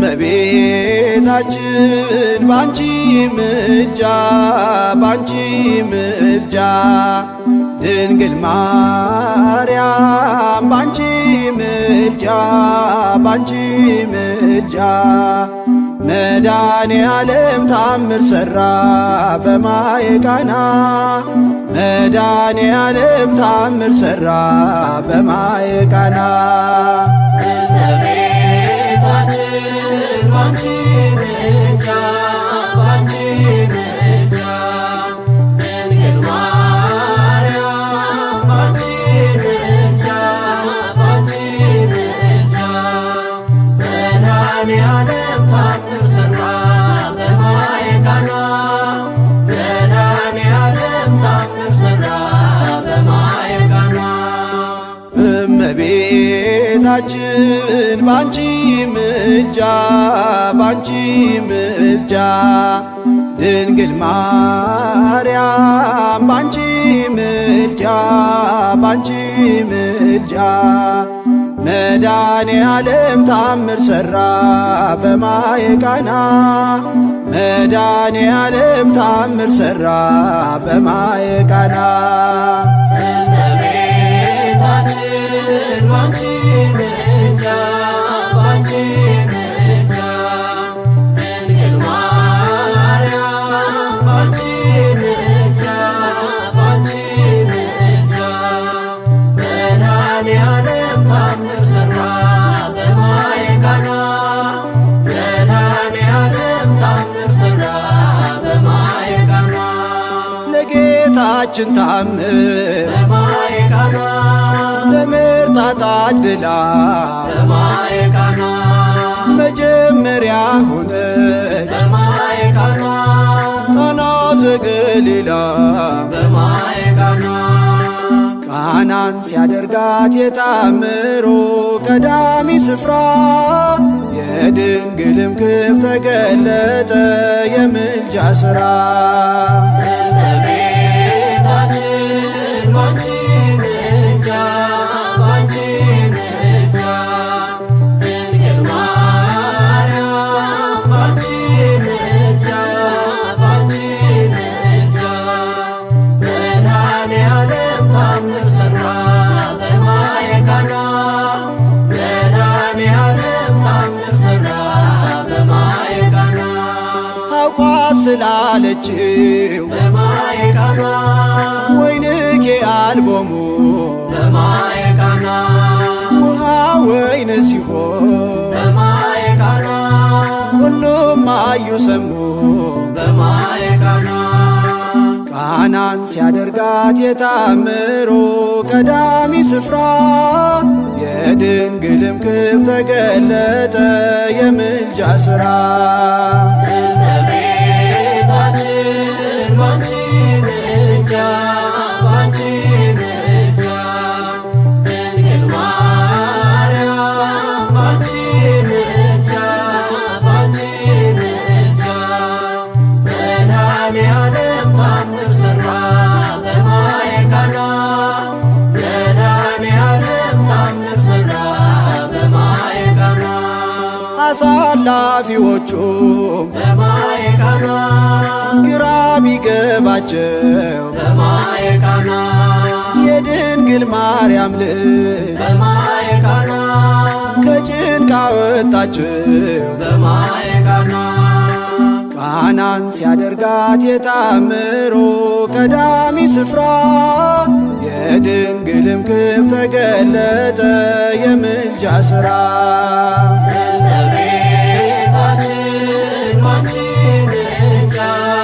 እመቤታችን ባንቺ ምልጃ ባንቺ ምልጃ ድንግል ማርያም ባንቺ ምልጃ ባንቺ ምልጃ መዳኔ ዓለም ታምር ሠራ በማየ ቃና ዓለም ታምር ሠራ በማየ ቃና መድኃኒዓለም ታምር ሠራ በማየ ቃና መድኃኒዓለም ታምር ሠራ በማየ ቃና እመቤታችን ባንቺ ምልጃ ባንቺ ምልጃ ድንግል ማርያም ባንቺ ምልጃ ባንቺ ምልጃ መዳኔ ዓለም ታምር ሠራ በማየ ቃና መዳኔ ዓለም ታምር ሠራ በማየ ቃና እመቤታችን የጌታችን ታምር ተመርጣ ታድላ መጀመሪያ ሆነች ቃና ዘገሊላ ቃናን ሲያደርጋት የታምሮ ቀዳሚ ስፍራ የድንግልም ክብ ተገለጠ የምልጃ ስራ ስላለችው በማየ ቃና ወይንኬ አልቦሙ በማየ ቃና ውሃ ወይን ሲሆን በማየ ቃና ሁሉም አዩ ሰሙ በማየ ቃና ቃናን ሲያደርጋት የታምሮ ቀዳሚ ስፍራ የድንግልም ክብ ተገለጠ የምልጃ ስራ መድኃኔዓለም ታምር ሠራ በማየ ታምር ሠራ በማየ አሳላፊዎቹ በማየ ካና ግራ ቢገባቸው በማየ የድንግል ማርያም ልጅ በማየ ካና በማየ ቃናን ሲያደርጋት የታምሮ ቀዳሚ ስፍራ የድንግልም ክብ ተገለጠ የምልጃ ስራ እመቤታችን ማችን